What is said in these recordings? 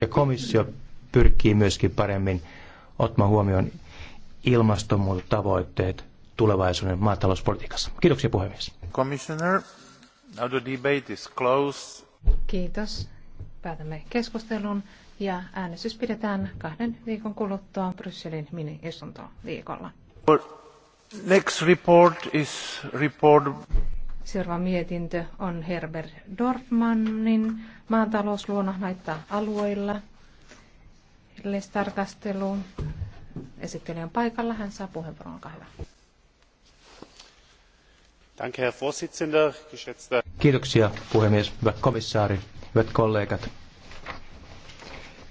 Ja komissio pyrkii myöskin paremmin ottamaan huomioon ilmastonmuutotavoitteet tulevaisuuden maatalouspolitiikassa. Kiitoksia puhemies. Commissioner, now the debate is closed. Kiitos. Päätämme keskustelun ja äänestys pidetään kahden viikon kuluttua Brysselin mini-istuntoviikolla. Next report is report Seuraava mietintö on Herbert Dorfmannin maatalousluonnonhaitta alueilla. Yleistarkastelu. Esittely on paikalla. Hän saa puheenvuoron. Olkaa hyvä. Danke, Herr Vorsitzender, geschätzte... Kiitoksia puhemies, hyvät komissaari, hyvät kollegat.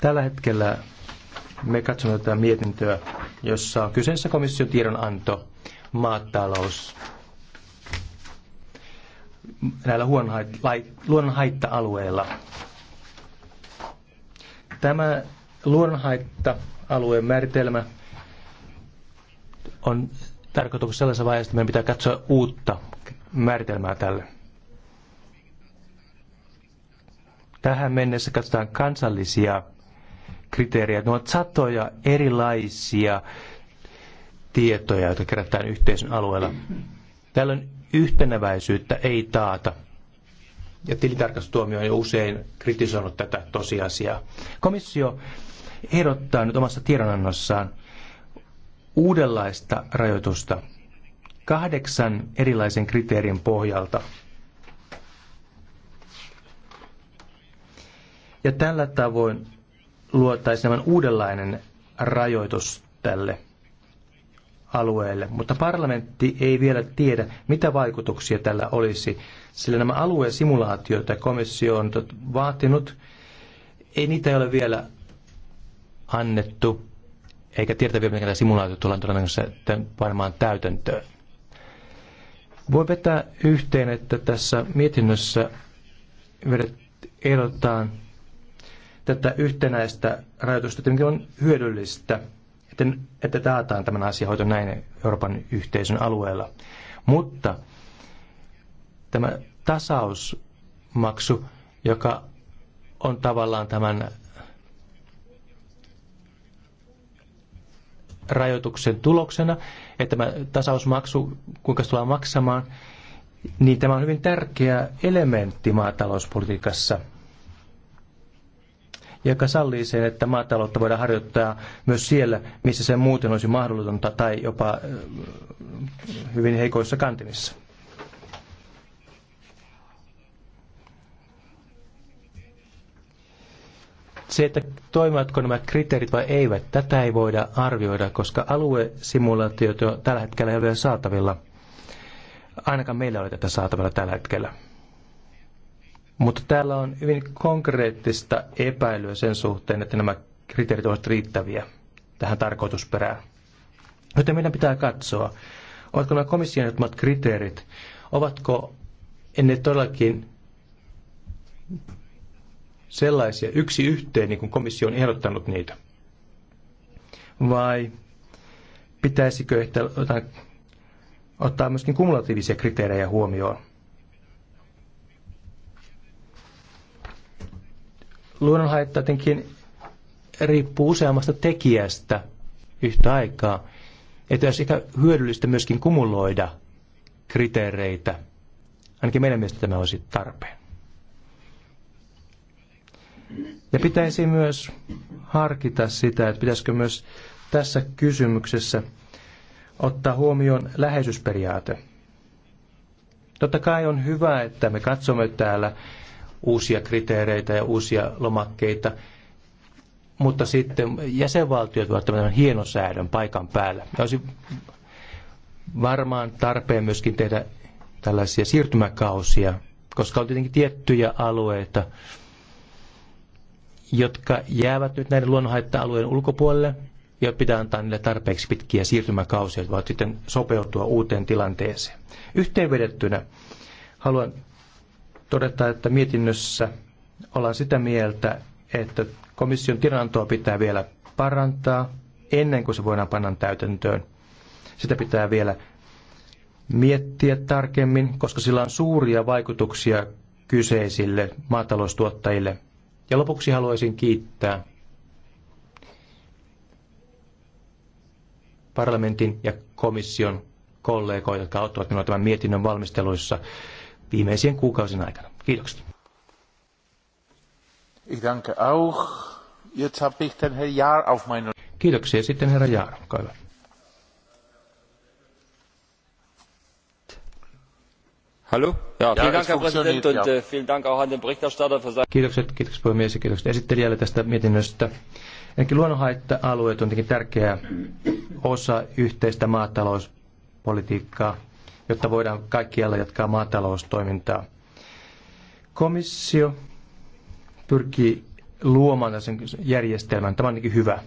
Tällä hetkellä me katsomme tätä mietintöä, jossa on kyseessä komission tiedonanto maatalous näillä luonnonhaitta alueilla Tämä luonnonhaitta-alueen määritelmä on tarkoituksessa sellaisessa vaiheessa, että meidän pitää katsoa uutta määritelmää tälle. Tähän mennessä katsotaan kansallisia kriteerejä. Ne ovat satoja erilaisia tietoja, joita kerätään yhteisön alueella. Tällöin yhteneväisyyttä ei taata. Ja tilintarkastustuomio on usein kritisoinut tätä tosiasiaa. Komissio ehdottaa nyt omassa tiedonannossaan uudenlaista rajoitusta kahdeksan erilaisen kriteerin pohjalta. Ja tällä tavoin luotaisiin uudenlainen rajoitus tälle alueelle, mutta parlamentti ei vielä tiedä, mitä vaikutuksia tällä olisi, sillä nämä alueen simulaatioita komissio on vaatinut, ei niitä ole vielä annettu, eikä tiedä vielä, mikä tämä simulaatio tullaan todennäköisesti varmaan täytäntöön. Voi vetää yhteen, että tässä mietinnössä erotetaan tätä yhtenäistä rajoitusta, mikä on hyödyllistä – että taataan tämän asian hoito näin Euroopan yhteisön alueella. Mutta tämä tasausmaksu, joka on tavallaan tämän rajoituksen tuloksena, että tämä tasausmaksu, kuinka se tullaan maksamaan, niin tämä on hyvin tärkeä elementti maatalouspolitiikassa – joka sallii sen, että maataloutta voidaan harjoittaa myös siellä, missä se muuten olisi mahdollista tai jopa hyvin heikoissa kantimissa. se, että toimivatko nämä kriteerit vai eivät, tätä ei voida arvioida, koska aluesimulaatiot jo tällä hetkellä ei ole saatavilla. Ainakaan meillä ei ole tätä saatavilla tällä hetkellä. Mutta täällä on hyvin konkreettista epäilyä sen suhteen, että nämä kriteerit ovat riittäviä tähän tarkoitusperään. Joten meidän pitää katsoa, ovatko nämä komission ehdottamat kriteerit, ovatko ne todellakin sellaisia yksi yhteen, niin kuin komissio on ehdottanut niitä? Vai pitäisikö ehkä ottaa myöskin kumulatiivisia kriteerejä huomioon? Luonnonhaitta jotenkin riippuu useammasta tekijästä yhtä aikaa. Että olisi ehkä hyödyllistä myöskin kumuloida kriteereitä. Ainakin meidän mielestä tämä olisi tarpeen. Ja pitäisi myös harkita sitä, että pitäisikö myös tässä kysymyksessä ottaa huomioon läheisyysperiaate. Totta kai on hyvä, että me katsomme täällä uusia kriteereitä ja uusia lomakkeita, mutta sitten jäsenvaltiot voivat tämän hienosäädön paikan päällä. Ja olisi varmaan tarpeen myöskin tehdä tällaisia siirtymäkausia, koska on tietenkin tiettyjä alueita, jotka jäävät nyt näiden luonnonhaitta-alueen ulkopuolelle, ja pitää antaa niille tarpeeksi pitkiä siirtymäkausia, että voivat sitten sopeutua uuteen tilanteeseen. Yhteenvedettynä haluan todeta, että mietinnössä ollaan sitä mieltä, että komission tiedonantoa pitää vielä parantaa ennen kuin se voidaan panna täytäntöön. Sitä pitää vielä miettiä tarkemmin, koska sillä on suuria vaikutuksia kyseisille maataloustuottajille. Ja lopuksi haluaisin kiittää parlamentin ja komission kollegoita, jotka auttavat minua tämän mietinnön valmisteluissa viimeisien kuukausien aikana. Kiitokset. Ich danke auch. Jetzt habe ich den Herr Jahr auf meine... Kiitoksia. Sitten herra Jaar, olkaa hyvä. Hallo? Ja, vielen Dank, Herr Präsident, und ja. Äh, vielen Dank auch an den Berichterstatter für seine... Kiitokset, kiitokset puhemies ja kiitokset esittelijälle tästä mietinnöstä. Enkin luonnonhaitta-alueet on tietenkin tärkeä osa yhteistä maatalouspolitiikkaa jotta voidaan kaikkialla jatkaa maataloustoimintaa. Komissio pyrkii luomaan sen järjestelmän. Tämä on ainakin hyvä.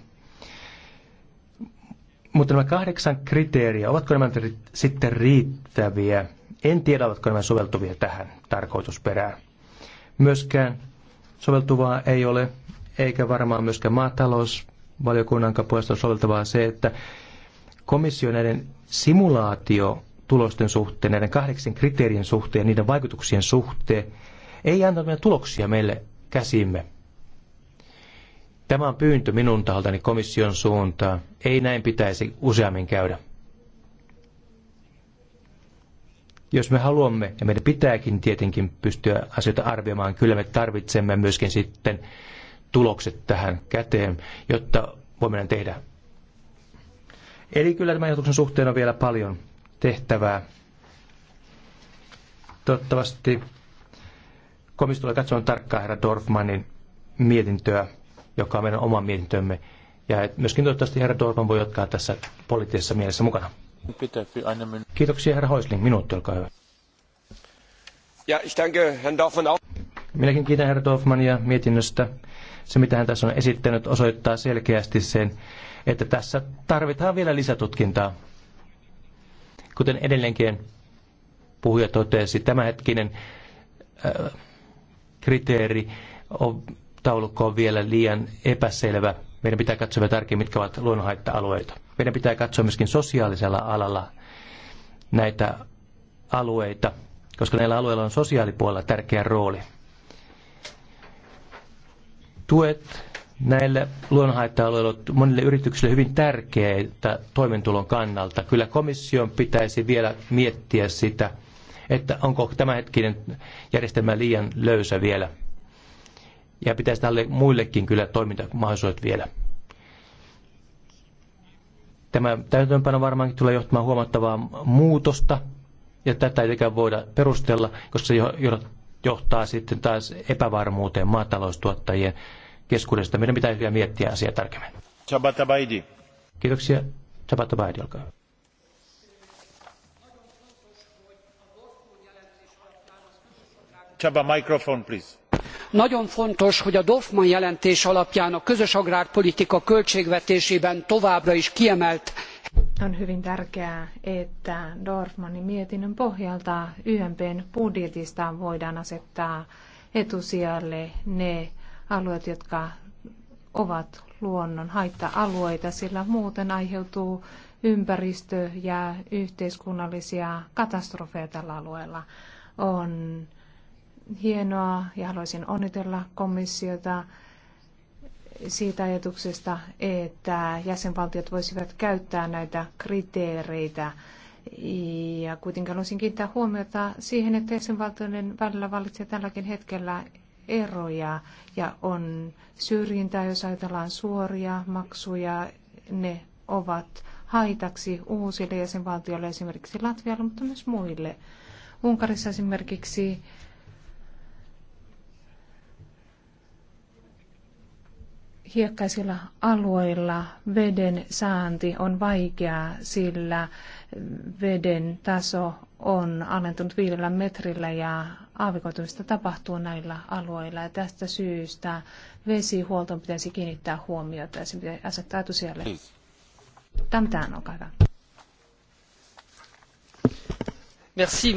Mutta nämä kahdeksan kriteeriä, ovatko nämä sitten riittäviä? En tiedä, ovatko nämä soveltuvia tähän tarkoitusperään. Myöskään soveltuvaa ei ole, eikä varmaan myöskään maatalousvaliokunnan puolesta soveltavaa se, että komissio näiden simulaatio tulosten suhteen, näiden kahdeksan kriteerien suhteen, niiden vaikutuksien suhteen, ei antanut meidän tuloksia meille käsimme. Tämä on pyyntö minun taholtani komission suuntaan. Ei näin pitäisi useammin käydä. Jos me haluamme, ja meidän pitääkin tietenkin pystyä asioita arvioimaan, kyllä me tarvitsemme myöskin sitten tulokset tähän käteen, jotta voimme tehdä. Eli kyllä tämän ajatuksen suhteen on vielä paljon tehtävää. Toivottavasti komissio tulee katsomaan tarkkaan herra Dorfmanin mietintöä, joka on meidän oma mietintömme. Ja myöskin toivottavasti herra Dorfman voi jatkaa tässä poliittisessa mielessä mukana. Kiitoksia herra Hoisling. Minuutti, olkaa hyvä. Ja, ich danke Herrn auch. Minäkin kiitän herra Dorfmania mietinnöstä. Se, mitä hän tässä on esittänyt, osoittaa selkeästi sen, että tässä tarvitaan vielä lisätutkintaa Kuten edelleenkin puhuja totesi, tämänhetkinen äh, kriteeri on, taulukko on vielä liian epäselvä. Meidän pitää katsoa vielä tarkemmin, mitkä ovat luonnonhaitta-alueita. Meidän pitää katsoa myöskin sosiaalisella alalla näitä alueita, koska näillä alueilla on sosiaalipuolella tärkeä rooli. Tuet näille luonnonhaitta-alueille monille yrityksille hyvin tärkeää toimintulon kannalta. Kyllä komission pitäisi vielä miettiä sitä, että onko tämänhetkinen järjestelmä liian löysä vielä. Ja pitäisi tälle muillekin kyllä toimintamahdollisuudet vielä. Tämä täytäntöönpano varmaankin tulee johtamaan huomattavaa muutosta, ja tätä ei voida perustella, koska se johtaa sitten taas epävarmuuteen maataloustuottajien keskuudesta. Meidän pitää vielä miettiä asiaa tarkemmin. Chabatabaidi. Kiitoksia. Chabatabaidi, olkaa hyvä. Csaba, microphone, please nagyon fontos hogy a Dorfman jelentés alapján a közös agrárpolitika költségvetésében továbbra is kiemelt on hyvin tärkeää, että Dorfmanin mietinnön pohjalta YMPn budjetista voidaan asettaa etusijalle ne alueet, jotka ovat luonnon haitta-alueita, sillä muuten aiheutuu ympäristö- ja yhteiskunnallisia katastrofeja tällä alueella. On hienoa ja haluaisin onnitella komissiota siitä ajatuksesta, että jäsenvaltiot voisivat käyttää näitä kriteereitä. Ja kuitenkin haluaisin kiinnittää huomiota siihen, että jäsenvaltioiden välillä vallitsee tälläkin hetkellä eroja ja on syrjintää, jos ajatellaan suoria maksuja, ne ovat haitaksi uusille jäsenvaltioille, esimerkiksi Latvialle, mutta myös muille. Unkarissa esimerkiksi hiekkaisilla alueilla veden saanti on vaikeaa, sillä veden taso on alentunut viidellä metrillä ja aavikoitumista tapahtuu näillä alueilla. Ja tästä syystä vesihuoltoon pitäisi kiinnittää huomiota ja se pitäisi asettaa etusijalle. Tämä on hyvä. Merci.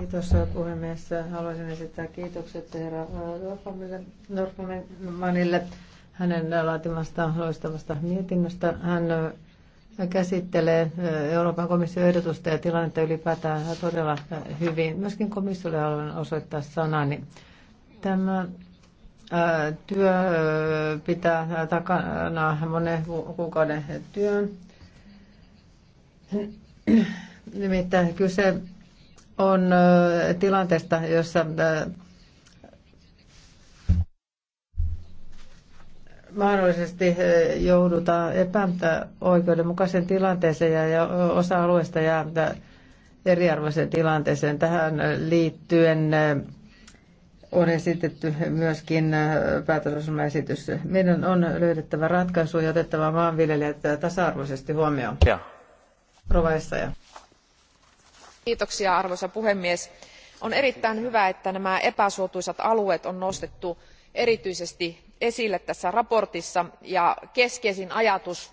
Kiitos puhemies. Haluaisin esittää kiitokset herra Normanille hänen laatimastaan loistavasta mietinnöstä. Hän äh, käsittelee äh, Euroopan komission ehdotusta ja tilannetta ylipäätään todella äh, hyvin. Myöskin komissiolle haluan osoittaa sanani. Tämä työ pitää takana monen kuukauden työn. Nimittäin kyse on tilanteesta, jossa mahdollisesti joudutaan epäoikeudenmukaisen tilanteeseen ja osa alueesta jää eriarvoiseen tilanteeseen. Tähän liittyen on esitetty myöskin päätösosumaesitys. Meidän on löydettävä ratkaisu ja otettava maanviljelijät tasa-arvoisesti huomioon. Ja. Rova Essaja arvoisa puhemies on erittäin hyvä että nämä epäsuotuisat alueet on nostettu erityisesti esille tässä mietinnössä ja keskeisin ajatus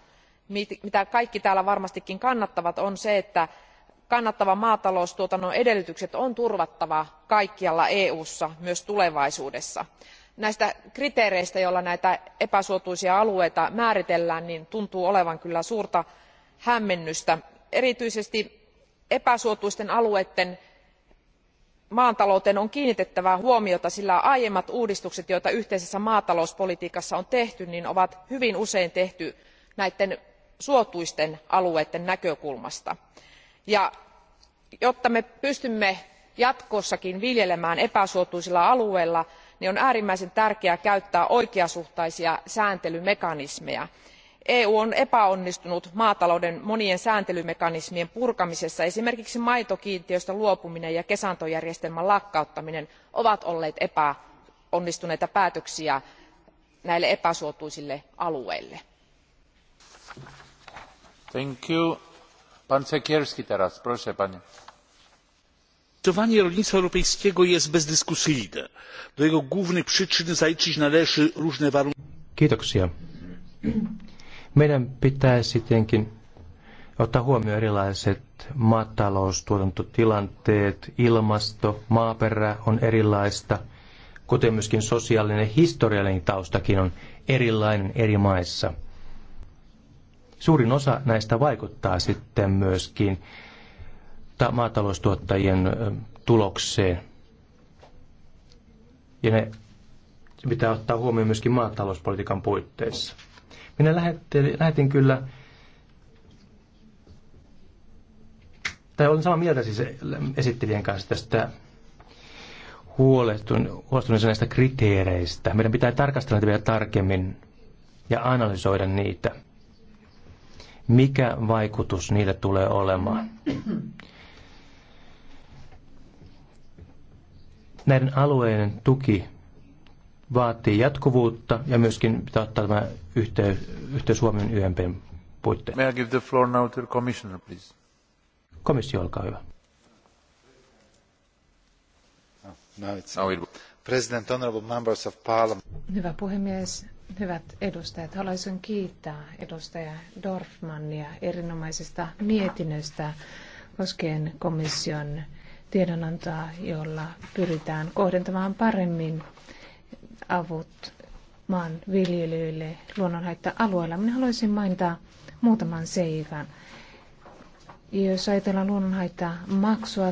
jota kaikki täällä varmastikin kannattavat on se että kannattavan maataloustuotannon edellytykset on turvattava kaikkialla eu ssa myös tulevaisuudessa. näistä kriteereistä joilla näitä epäsuotuisia alueita määritellään niin tuntuu olevan kyllä suurta hämmennystä. erityisesti epäsuotuisten alueiden maatalouteen on kiinnitettävä huomiota sillä aiemmat uudistukset joita yhteisessä maatalouspolitiikassa on tehty on niin hyvin usein tehty näiden suotuisten alueiden näkökulmasta. jotta me pystymme jatkossakin viljelemään epäsuotuisilla alueilla niin on äärimmäisen tärkeää käyttää oikeasuhtaisia sääntelymekanismeja eu on epäonnistunut maatalouden monien sääntelymekanismien purkamisessa esimerkiksi maitokiintiöistä luopuminen ja kesantojärjestelmän lakkauttaminen ovat olleet epäonnistuneita päätöksiä näille epäsuotuisille alueille. finansowanie rolnictwa europejskiego jest bezdyskusyjne. do jego głównych przyczyn zaliczyć należy różne warunki. Meidän pitää sittenkin ottaa huomioon erilaiset maataloustuotantotilanteet, ilmasto, maaperä on erilaista, kuten myöskin sosiaalinen ja historiallinen taustakin on erilainen eri maissa. Suurin osa näistä vaikuttaa sitten myöskin maataloustuottajien tulokseen. Ja ne pitää ottaa huomioon myöskin maatalouspolitiikan puitteissa. Minä lähetin kyllä, tai olen samaa mieltä siis esittelijän kanssa tästä huolestuneisuudesta näistä kriteereistä. Meidän pitää tarkastella niitä vielä tarkemmin ja analysoida niitä. Mikä vaikutus niillä tulee olemaan? Näiden alueiden tuki vaatii jatkuvuutta ja myöskin pitää ottaa tämä yhteys, yhteys Suomen YMPn puitteen. May I give the floor now to the commissioner, please? Komissio, olkaa hyvä. No, President, honorable members of parliament. Hyvä puhemies, hyvät edustajat. Haluaisin kiittää edustaja Dorfmannia erinomaisesta mietinnöstä koskien komission tiedonantoa, jolla pyritään kohdentamaan paremmin avut maan viljelyille luonnonhaitta-alueilla. Minä haluaisin mainita muutaman seikan. Jos ajatellaan luonnonhaittaa maksua,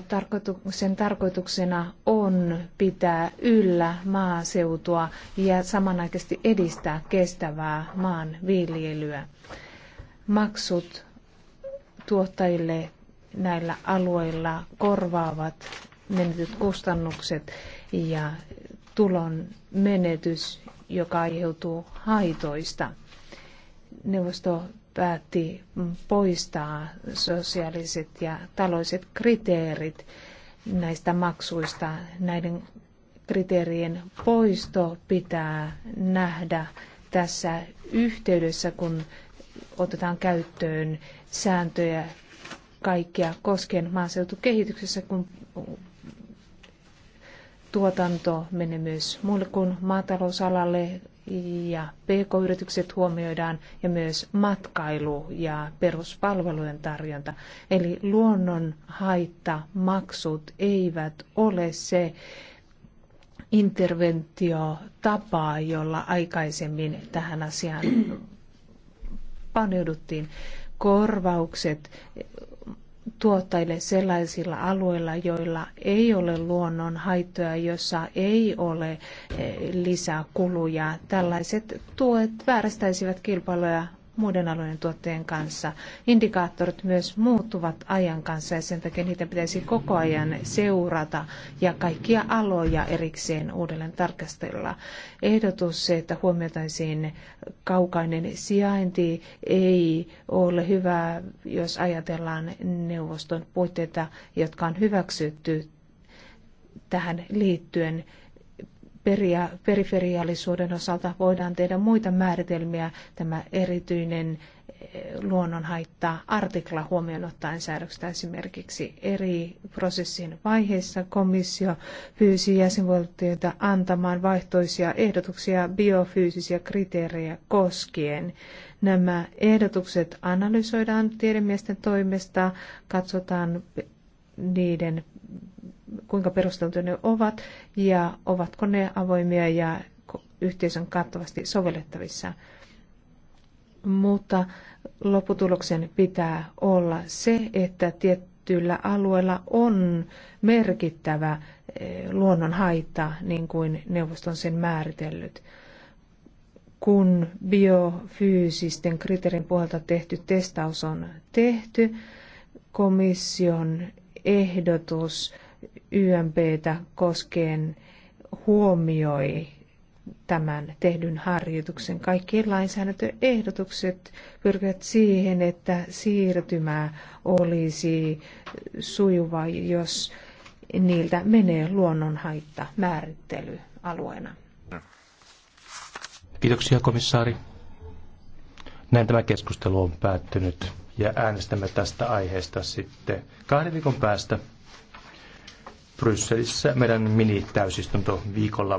sen tarkoituksena on pitää yllä maaseutua ja samanaikaisesti edistää kestävää maanviljelyä. Maksut tuottajille näillä alueilla korvaavat menetyt kustannukset ja tulon menetys, joka aiheutuu haitoista. Neuvosto päätti poistaa sosiaaliset ja taloiset kriteerit näistä maksuista. Näiden kriteerien poisto pitää nähdä tässä yhteydessä, kun otetaan käyttöön sääntöjä kaikkia koskien maaseutukehityksessä, kun tuotanto menee myös muulle kuin maatalousalalle ja pk-yritykset huomioidaan ja myös matkailu ja peruspalvelujen tarjonta. Eli luonnon haitta maksut eivät ole se interventiotapa, jolla aikaisemmin tähän asiaan paneuduttiin. Korvaukset tuottajille sellaisilla alueilla, joilla ei ole luonnon haittoja, jossa ei ole eh, lisää kuluja. Tällaiset tuet vääristäisivät kilpailuja muiden alojen tuotteen kanssa. Indikaattorit myös muuttuvat ajan kanssa ja sen takia niitä pitäisi koko ajan seurata ja kaikkia aloja erikseen uudelleen tarkastella. Ehdotus se, että huomioitaisiin kaukainen sijainti ei ole hyvä, jos ajatellaan neuvoston puitteita, jotka on hyväksytty tähän liittyen peria, periferiaalisuuden osalta voidaan tehdä muita määritelmiä, tämä erityinen eh, luonnonhaitta artikla huomioon ottaen säädöksestä esimerkiksi eri prosessin vaiheissa komissio pyysi jäsenvaltioita antamaan vaihtoisia ehdotuksia biofyysisiä kriteerejä koskien. Nämä ehdotukset analysoidaan tiedemiesten toimesta, katsotaan niiden kuinka perusteltuja ne ovat ja ovatko ne avoimia ja yhteisön kattavasti sovellettavissa. Mutta lopputuloksen pitää olla se, että tietyllä alueella on merkittävä eh, luonnon haitta, niin kuin neuvosto on sen määritellyt kun biofyysisten kriteerin puolelta tehty testaus on tehty, komission ehdotus YMPtä koskien huomioi tämän tehdyn harjoituksen. Kaikki lainsäädäntöehdotukset pyrkivät siihen, että siirtymä olisi sujuva, jos niiltä menee luonnonhaitta määrittelyalueena. alueena. Kiitoksia komissaari. Näin tämä keskustelu on päättynyt ja äänestämme tästä aiheesta sitten kahden viikon päästä. Brysselissä meidän mini-täysistunto viikolla